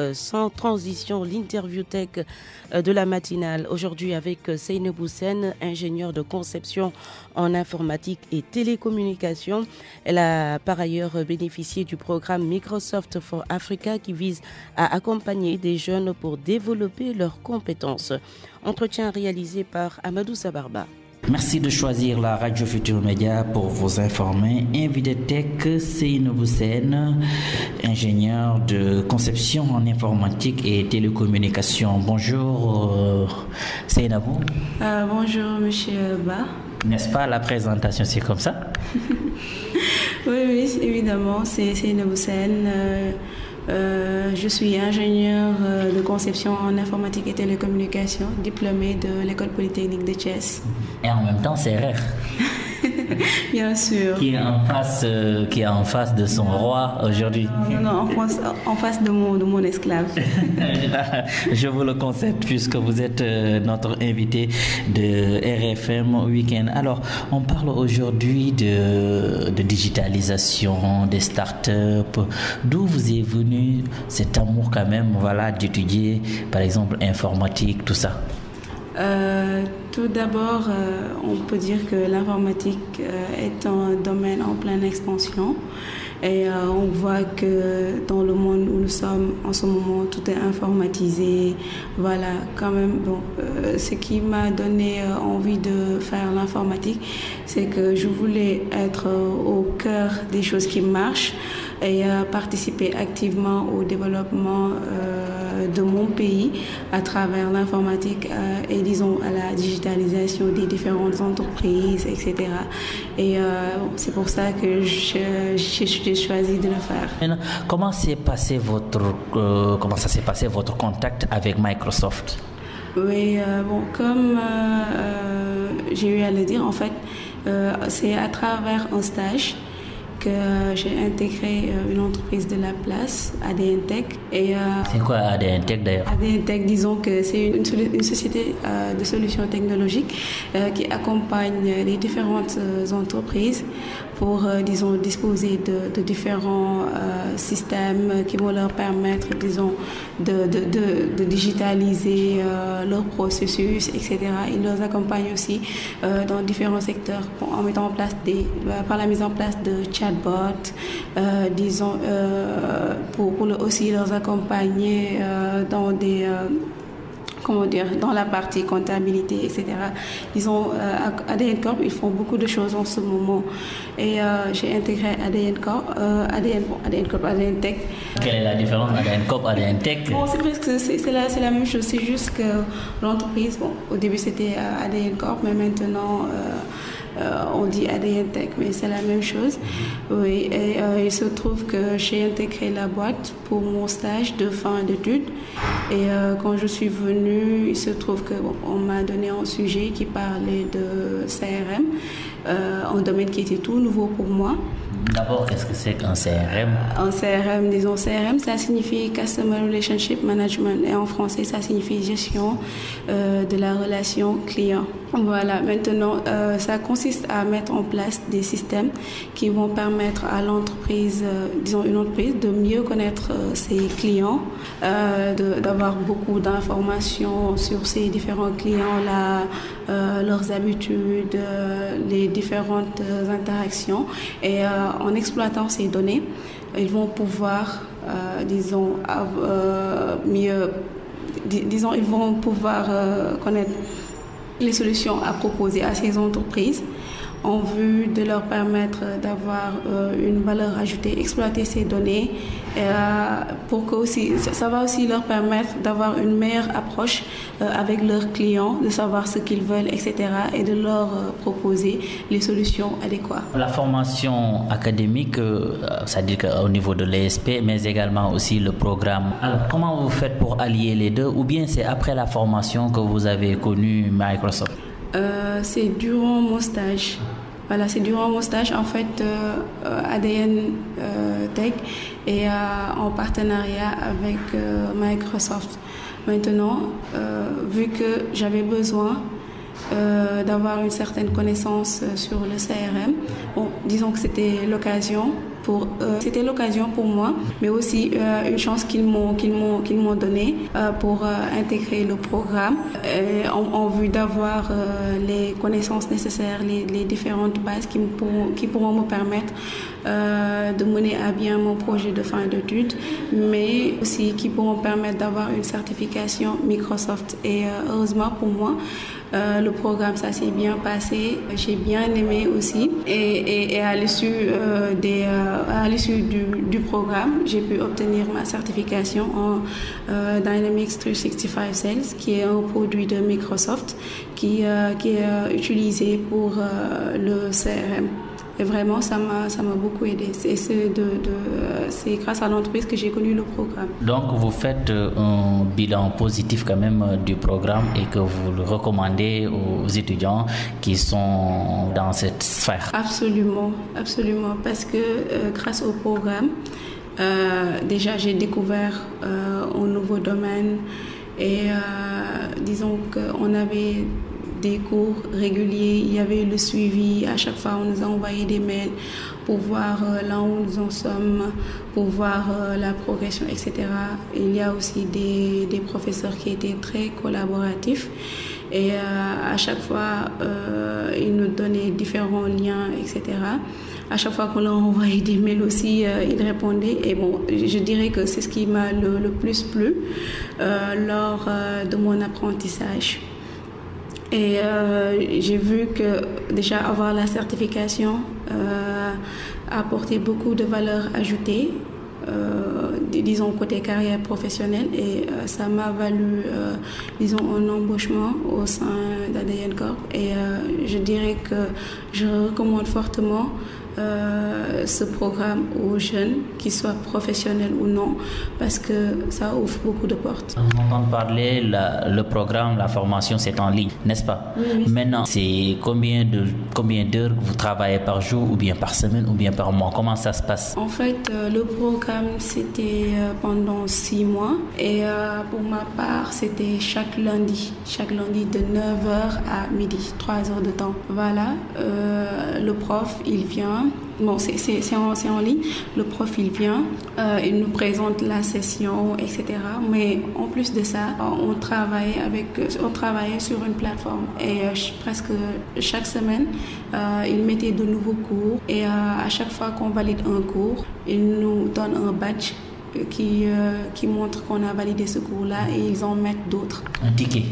Euh, sans transition l'interview tech euh, de la matinale. Aujourd'hui avec euh, Seine Boussen, ingénieure de conception en informatique et télécommunication. Elle a par ailleurs bénéficié du programme Microsoft for Africa qui vise à accompagner des jeunes pour développer leurs compétences. Entretien réalisé par Amadou Sabarba. Merci de choisir la Radio Futur Média pour vous informer. Invité Tech, Seine Boussen, ingénieur de conception en informatique et télécommunication. Bonjour euh, euh, bonjour Monsieur Ba. N'est-ce pas la présentation, c'est comme ça Oui, oui, évidemment, c'est Seine Boussen. Euh, euh, je suis ingénieure euh, de conception en informatique et télécommunication, diplômée de l'école polytechnique de Chess. Et en même temps, c'est rare. Bien sûr. Qui est en face, euh, qui est en face de son roi aujourd'hui. Non, en, face, en face, de, mon, esclave. Je vous le concède, puisque vous êtes euh, notre invité de RFM Weekend. Alors, on parle aujourd'hui de, de, digitalisation, des startups. D'où vous est venu cet amour quand même, voilà, d'étudier, par exemple, informatique, tout ça euh, tout d'abord, euh, on peut dire que l'informatique euh, est un domaine en pleine expansion. Et euh, on voit que dans le monde où nous sommes en ce moment, tout est informatisé. Voilà, quand même, bon, euh, ce qui m'a donné euh, envie de faire l'informatique, c'est que je voulais être au cœur des choses qui marchent et participer activement au développement de mon pays à travers l'informatique et disons à la digitalisation des différentes entreprises, etc. Et euh, c'est pour ça que j'ai choisi de le faire. Comment s'est passé votre euh, comment ça s'est passé votre contact avec Microsoft? Oui, euh, bon, comme j'ai eu à le dire, en fait, c'est à travers un stage que euh, j'ai intégré euh, une entreprise de la place, ADN Tech. Et, euh, c'est quoi ADN Tech d'ailleurs ADN Tech, disons que c'est une, une, société de solutions technologiques qui accompagne les différentes entreprises pour, euh, disons, disposer de, différents euh, systèmes qui vont leur permettre, disons, de, digitaliser euh, leurs processus, etc. Ils nous accompagnent aussi dans différents secteurs en mettant en place des, par la mise en place de chatbots, disons, pour, aussi les accompagner dans des dans la partie comptabilité, etc. Ils ont, euh, ADN Corp, ils font beaucoup de choses en ce moment. Et euh, j'ai intégré ADN Corp, euh, ADN, ADN Corp, ADN Tech. Quelle est la différence ADN Corp, ADN Tech bon, C'est presque c'est la, la, même chose, c'est juste que l'entreprise, bon, au début c'était ADN Corp, mais maintenant euh, on dit Tech, mais c'est la même chose. Mm-hmm. Oui, et euh, il se trouve que j'ai intégré la boîte pour mon stage de fin d'études. Et euh, quand je suis venue, il se trouve qu'on m'a donné un sujet qui parlait de CRM, un domaine qui était tout nouveau pour moi. D'abord, qu'est-ce que c'est qu'un CRM Un CRM, disons CRM, ça signifie Customer Relationship Management et en français, ça signifie gestion de la relation client. Voilà, maintenant, euh, ça consiste à mettre en place des systèmes qui vont permettre à l'entreprise, euh, disons une entreprise, de mieux connaître euh, ses clients, d'avoir beaucoup d'informations sur ses différents clients, leurs habitudes, les différentes interactions. Et en exploitant ces données, ils vont pouvoir, disons, mieux, disons, ils vont pouvoir connaître les solutions à proposer à ces entreprises en vue de leur permettre d'avoir euh, une valeur ajoutée, exploiter ces données euh, pour que aussi, ça va aussi leur permettre d'avoir une meilleure approche euh, avec leurs clients, de savoir ce qu'ils veulent, etc. et de leur proposer les solutions adéquates. La formation académique, c'est-à-dire au niveau de l'ESP, mais également aussi le programme. Alors, comment vous faites pour allier les deux ou bien c'est après la formation que vous avez connu Microsoft euh, c'est durant mon stage. Voilà, c'est durant mon stage en fait euh, ADN euh, Tech et en partenariat avec Microsoft. Maintenant, vu que j'avais besoin d'avoir une certaine connaissance sur le CRM, disons que c'était l'occasion euh, c'était l'occasion pour moi, mais aussi euh, une chance qu'ils m'ont qu'ils m'ont qu'ils m'ont donné euh, pour intégrer le programme en, vue d'avoir les connaissances nécessaires, les, différentes bases qui, pourront, qui pourront me permettre de mener à bien mon projet de fin d'études, mais aussi qui pourront permettre d'avoir une certification Microsoft. Et heureusement pour moi, euh, le programme, ça s'est bien passé. J'ai bien aimé aussi. Et, et, et à l'issue euh, euh, du, programme, j'ai pu obtenir ma certification en Dynamics 365 Sales, qui est un produit de Microsoft qui, qui est utilisé pour le CRM. Et vraiment, ça m'a, ça m'a beaucoup aidé. c'est, de, c'est grâce à l'entreprise que j'ai connu le programme. Donc, vous faites euh, un bilan positif quand même euh, du programme et que vous le recommandez aux étudiants qui sont dans cette sphère. Absolument, absolument. Parce que euh, grâce au programme, déjà, j'ai découvert un nouveau domaine et disons qu'on avait des cours réguliers, il y avait le suivi. À chaque fois, on nous a envoyé des mails pour voir euh, là où nous en sommes, pour voir euh, la progression, etc. Il y a aussi des, professeurs qui étaient très collaboratifs et euh, à chaque fois, ils nous donnaient différents liens, etc. À chaque fois qu'on leur envoyait des mails aussi, ils répondaient. Et bon, je dirais que c'est ce qui m'a le, plus plu lors de mon apprentissage. Et euh, j'ai vu que déjà avoir la certification euh, a apporté beaucoup de valeur ajoutée, euh, disons côté carrière professionnelle, et ça m'a valu, disons, un embauchement au sein d'ADN Corp. Et je dirais que je recommande fortement euh, ce programme aux jeunes, qu'ils soient professionnels ou non, parce que ça ouvre beaucoup de portes. On entend parler, le programme, la formation, c'est en ligne, n'est-ce pas oui, Maintenant, c'est combien de combien d'heures vous travaillez par jour, ou bien par semaine, ou bien par mois Comment ça se passe En fait, euh, le programme, c'était euh, pendant six mois. Et pour ma part, c'était chaque lundi. Chaque lundi de 9h à midi, 3 heures de temps. Voilà, le prof, il vient bon, c'est en, en, ligne. Le profil vient, euh, il nous présente la session, etc. Mais en plus de ça, on travaille avec, on travaillait sur une plateforme et euh, presque chaque semaine, euh, il mettait de nouveaux cours et à chaque fois qu'on valide un cours, il nous donne un badge qui, euh, qui montrent qu'on a validé ce cours-là et ils en mettent d'autres. Un ticket.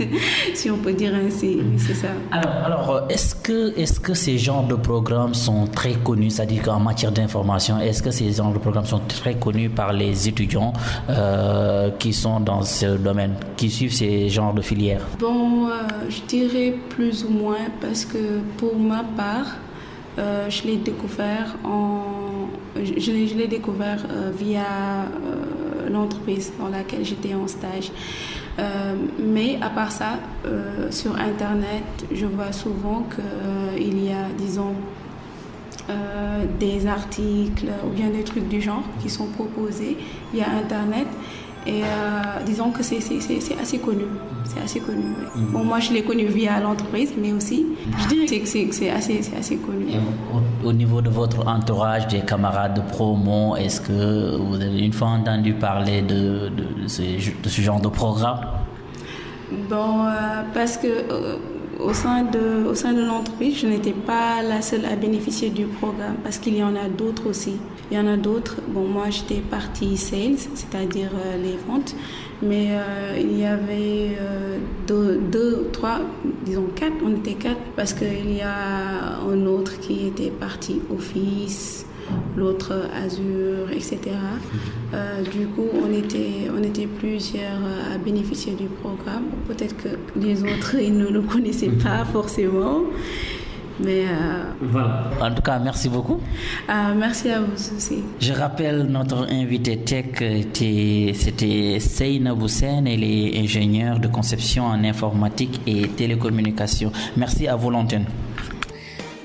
si on peut dire ainsi, mm. c'est ça. Alors, euh, est-ce que, est -ce que ces genres de programmes sont très connus, c'est-à-dire qu'en matière d'information, est-ce que ces genres de programmes sont très connus par les étudiants euh, qui sont dans ce domaine, qui suivent ces genres de filières Bon, je dirais plus ou moins parce que pour ma part, je l'ai découvert en je, l'ai découvert euh, via euh, l'entreprise dans laquelle j'étais en stage. Euh, mais à part ça, sur Internet, je vois souvent qu'il y a, disons, des articles ou bien des trucs du genre qui sont proposés via Internet. Et euh, disons que c'est assez connu. C'est assez connu. Mm-hmm. Bon, moi, je l'ai connu via l'entreprise, mais aussi, je dirais que c'est assez, assez connu. Au, niveau de votre entourage, des camarades de promo, est-ce que vous avez une fois entendu parler de, de, ce, genre de programme Bon, euh, parce que... Euh, au sein de, au sein de l'entreprise, je n'étais pas la seule à bénéficier du programme parce qu'il y en a d'autres aussi. Il y en a d'autres. Bon, moi, j'étais partie sales, c'est-à-dire euh, les ventes, mais euh, il y avait euh, deux, deux, trois, disons quatre, on était quatre parce qu'il y a un autre qui était parti office l'autre Azure, etc. Mhm. Euh, du coup, on était, on était plusieurs euh, à bénéficier du programme. Peut-être que les autres, ils ne le connaissaient mhm. pas forcément. Mais euh, voilà. En tout cas, merci beaucoup. merci à vous aussi. Je rappelle notre invité tech, c'était Seyna Boussen, elle est ingénieure de conception en informatique et télécommunication. Merci à vous, l'antenne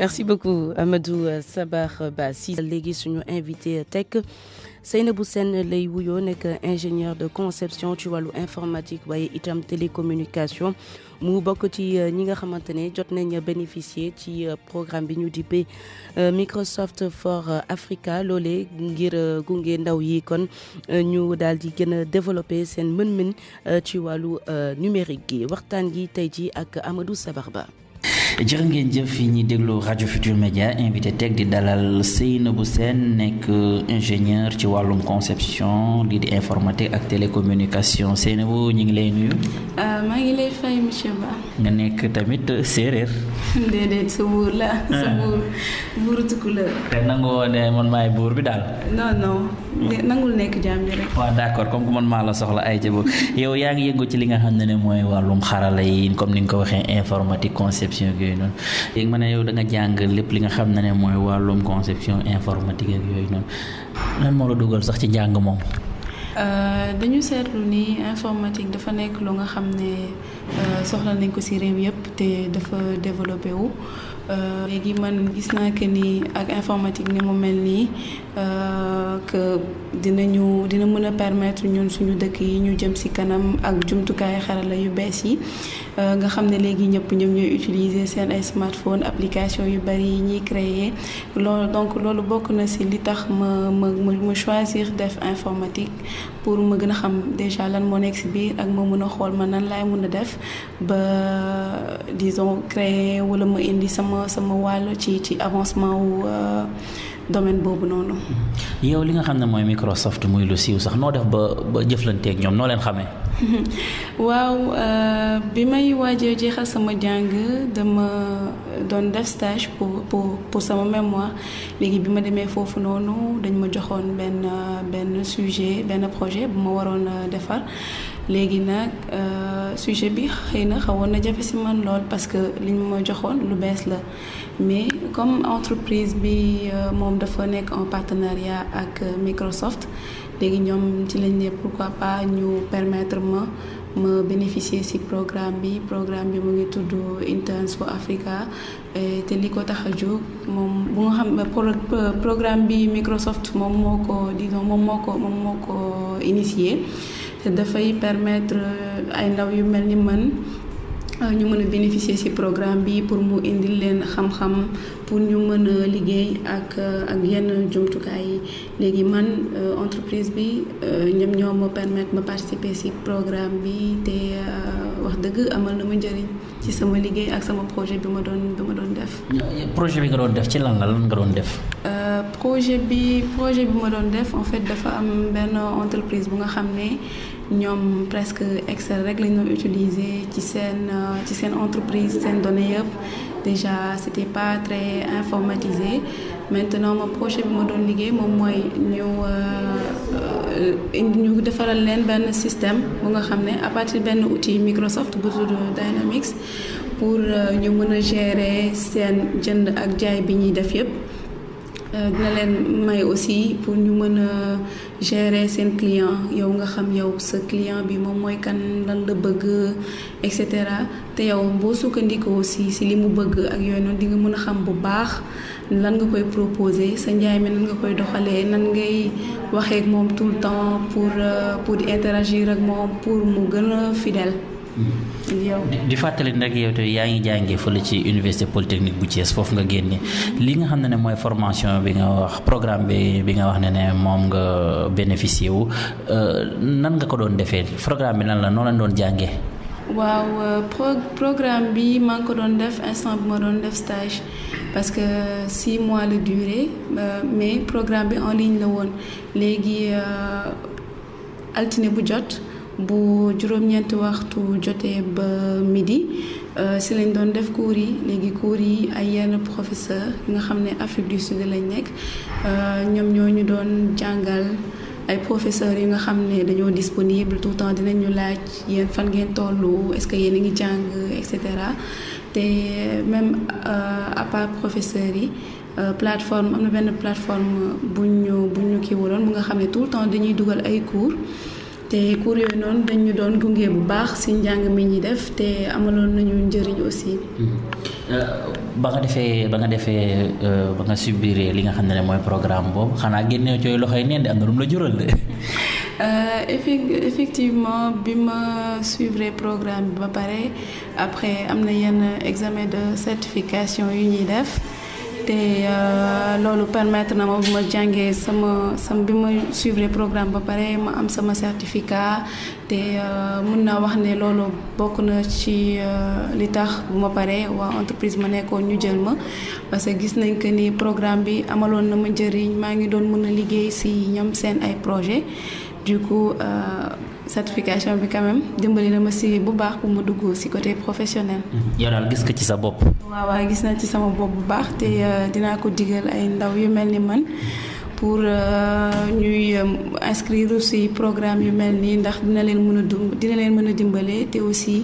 merci beaucoup Amadou Sabar Bassi léegi suñu invité tech Seynabou Sène lay est nekk ingénieur de conception ci wàllu informatique waaye itam télécommunication mu bokk ci euh, ñi nga xamante jot nañ bénéficier ci euh, programme bi ñu euh, Microsoft for Africa L'olé, ngir gunge ndaw yi kon ñu daal di gën a développer seen mën ci numérique Wartangi, waxtaan ak Amadou Sabar E jërë ngeen jëf yi ñuy déglu rajo Futur Média invité teg di dalal Seynabou Sène nekk ingénieur ci wàllum conception lii di informatique ak télécommunication Seynabou ñu ngi lay nuyu. Euh, maa ngi lay fay. monsieur nga nekk tamit séeréer. déedéet sa buur la. Ah. sa buur buuru Tukulóor. te nangoo ne man maay buur bi daal. non non nangul nekk jaam bi rek. waaw d'accord comme que man maa la soxla ay jabo yow yaa ngi yëngu ci li nga xam ne ne mooy wàllum xarala yi comme ni nga ko waxee informatique conception ak yooyu noonu léegi ma ne yow da nga jàng lépp li nga xam ne ne mooy wàllum conception informatique yooyu noonu lan moo la dugal sax ci jàng moom. Euh, dañu seetlu ni informatique dafa nekk lu nga xam ne euh, soxla nañ ko ci réew yépp te dafa développé wu Euh, léegi man gis naa que ni ak informatique ni mu mel nii euh, que dinañu dina mën a permettre ñun suñu dëkk yi ñu jëm si kanam ak jumtukaay xarala yu bees yi euh, nga xam ne léegi ñëpp ñoom ñooy utiliser seen ay smartphone application yu bari yi ñuy créer loolu donc loolu bokk na si li tax ma ma ma choisir def informatique pour ma gën a xam déjà lan moo nekk si biir ak ma mën a xool ma nan laay mën a def ba disons créer wala ma indi sama sama wàll ci ci avancement wu euh, domaine boobu noonu. yow li nga xam ne mooy Microsoft muy lu siiw sax noo def ba ba jëflanteeg ñoom noo leen xamee. waaw euh, bi may waajee jeexal sama jàng dama doon def stage pour pour pour sama mémoire léegi bi ma demee foofu noonu dañ ma joxoon benn benn sujet benn projet bu ma waroon euh, defar léegi nag euh, sujet bi xëy na xawoon na jafe si man lool parce que liñ ma joxoon lu bees la mais comme entreprise bi moom dafa nekk en partenariat ak Microsoft léegi ñoom ci lañ ne pourquoi pas ñu permettre ma ma bénéficier ci programme bi programme bi mu ngi tudd Interns for Africa eh, te li ko tax a jóg moom bu nga xam eh, programme bi Microsoft moom moo ko disons moom moo ko moom moo ko initié te dafay permettre eh, ay ndaw yu mel ni man Euh, ñu mën a bénéficier ci programme bi pour mu indil leen xam-xam pour ñu mën a liggéey ak euh, ak yenn jumtukaay yi léegi man euh, entreprise bi ñoom ñoo ma permettre ma participer ci programme bi te wax dëgg amal na ma njëriñ ci sama liggéey ak sama projet bi ma doon bi ma doon def. projet bi nga doon def ci lan la lan nga doon def. projet bi projet bi ma doon def en fait dafa am benn entreprise bu nga xam ne ñoom presque Excel rek lañ doon utiliser ci seen euh, ci seen entreprise seen données yëpp déjà c'était pas très informatisé maintenant ma projet bi ma doon liggéey moom mooy ñu euh, euh, ñu defaral leen benn système bu nga xam ne à partir benn outil Microsoft bu tudd Dynamics pour ñu mën a gérer seen jënd ak jaay bi ñuy def yëpp. Euh, dina leen may aussi pour ñu mën a gérer seen client yow nga xam yow sa client bi moom mooy kan lan la bëgg et cetera te yow boo sukkandikoo aussi si li mu bëgg ak yooyu noonu di nga mën a xam bu baax lan nga koy proposer sa njaay mi nan nga koy doxalee nan ngay waxee ak moom tout le temps pour euh, pour interagir ak moom pour mu gën a fidèle. di fàttali rek yow yaa ngi jàngee fële ci université polytechnique bu Thiès foofu nga génne li nga xam ne ne mooy formation bi nga wax programme bi bi nga wax ne ne moom nga bénéficié wu euh, nan nga ko doon defee programme bi nan la noo leen doon jàngee. waaw euh, programme bi maa ngi ko doon def instant bu ma doon def stage parce que six mois la durée euh, mais programme bi en ligne la woon léegi altine bu jot. bu juróom-ñeenti waxtu jotee ba midi euh, si lañ doon def cours yi léegi cours yi ay yenn professeur yi nga xam ne Afrique du lañ nekk euh, ñoom ñoo ñu doon jàngal ay professeurs yi nga xam ne dañoo disponible tout temps dinañ ñu laaj yéen fan ngeen tollu est-ce que yéen ngi jàng et cetera te même euh, à part professeurs yi. plateforme am na benn plateforme buñ ñu bu ñu kii waloon mu nga xam ne tout le temps dañuy dugal ay cours te cours yooyu noonu dañu doon gunge bu baax si njàng mi ñuy def te amaloon nañu njëriñ aussi. Hmm. Euh, ba nga defee ba nga defee euh, ba nga subir li nga xam ne mooy programme boobu xanaa génne cooy loxoy neen de am na lu mu la jural de. Euh, effectivement bi ma suivre programme bi ba pare après am na yenn examen de certification yu ñuy def. te euh, loolu permettre na ma bu ma jàngee sama sama bi ma suivre programme ba pare ma am sama certificat te euh, mun naa wax ne loolu bokk na ci euh, li tax bu ma paree waa entreprise ma nekkoon ñu jël ma parce que gis nañ que nii programme bi amaloon na ma njëriñ maa ngi doon mën a liggéey si ñoom seen ay projet du coup euh, certification bi quand même dimbali na ma si bu baax pour ma si côté professionnel. Mhm. yow daal gis nga ci sa bopp. waaw gis ci sama bu baax ko pour euh, ñuy euh, inscrire aussi programme yu mel nii ndax dina leen mën a dum dina leen mën a dimbale te aussi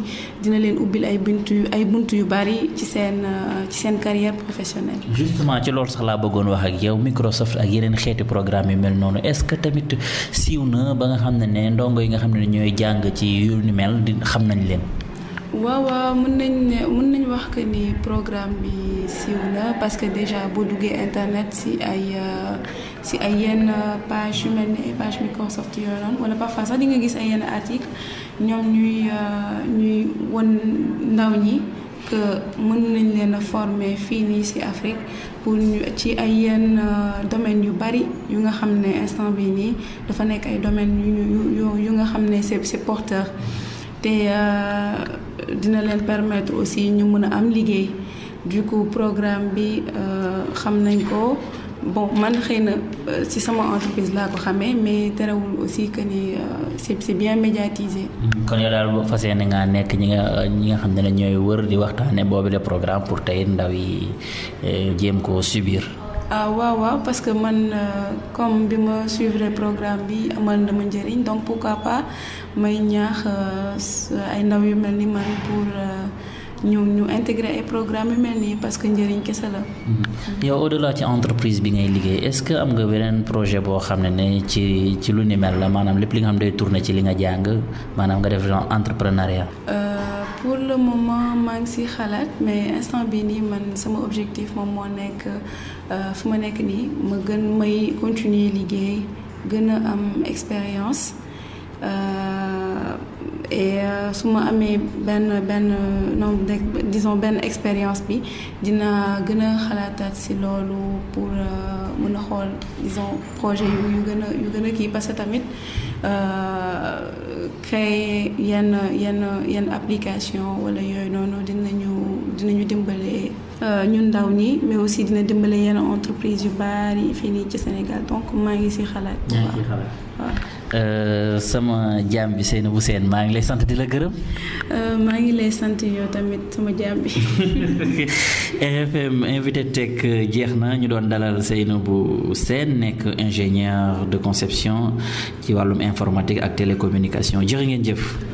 dina leen ubbil ay buntu ay buntu yu bari ci seen euh, ci seen carrière professionnelle. justement ci loolu sax laa bëggoon wax ak yow Microsoft ak yeneen xeeti programme yu mel noonu est-ce que tamit siiw na ba nga xam ne ne ndongo yi nga xam ne ñooy jàng ci yu ni mel di xam nañ leen. Oui, waaw mën mën nañ que ni programme bi parce que déjà internet si ay euh, si ay page yu mel page Microsoft yooyu wala di nga gis ay article ñoom ñuy euh, ñuy que mën former Afrique pour ñu ci ay euh, domaine yu bari yu nga instant dafa dina leen permettre aussi ñu mën a am liggéey du coup programme bi euh, xam nañ ko bon man xëy na ci euh, sama entreprise laa ko xamee mais terewul aussi que ni euh, c'est c'est bien médiatisé. Mm-hmm. kon yow daal boo fas yéene ngaa nekk ñi nga ñi nga xam ne ñooy wër di waxtaane boobu le programme pour tey ndaw yi jéem koo subir. ah waaw waaw parce que man euh, comme bi ma suivre programme bi amal na ma njëriñ donc pourquoi pas may ñaax euh, ay ndaw yu mel ni man pour euh, ñu ñu intégrer ay programme yu mel nii parce que njëriñ kese la. Mm-hmm. yow au delà ci entreprise bi ngay liggéey est ce que am nga beneen projet boo xam ne ne ci ci lu ni mel la maanaam lépp li nga xam day tourner ci li nga jàng maanaam nga def genre entrepreneuriat. pour le moment man ci xalat mais instant bi ni man sama objectif mom mo nek euh fuma nek ni ma gën may continuer liguey gëna am expérience euh, et euh, su ma amee ben ben nombre de disons ben expérience bi dina gëna a ci si pour euh, mën a xool disons projet yu yu gën a yu gëna a passé tamit euh créer yenn yenn yenn application wala yoy noonu dinañu dinañu euh, ñun ndaw ñi mais aussi dina dimbale yenn entreprise yu bari fini ci Sénégal donc maa ngi si xalaat. waaw euh, sama jaam bi Seynabou Sène maa ngi lay sant di la gërëm. Euh, maa ngi lay sant yow tamit sama jaam bi. RFM invité tech euh, jeex na ñu doon dalal Seynabou Sène nekk ingénieur de conception ci wàllum informatique ak télécommunication jërë ngeen jëf.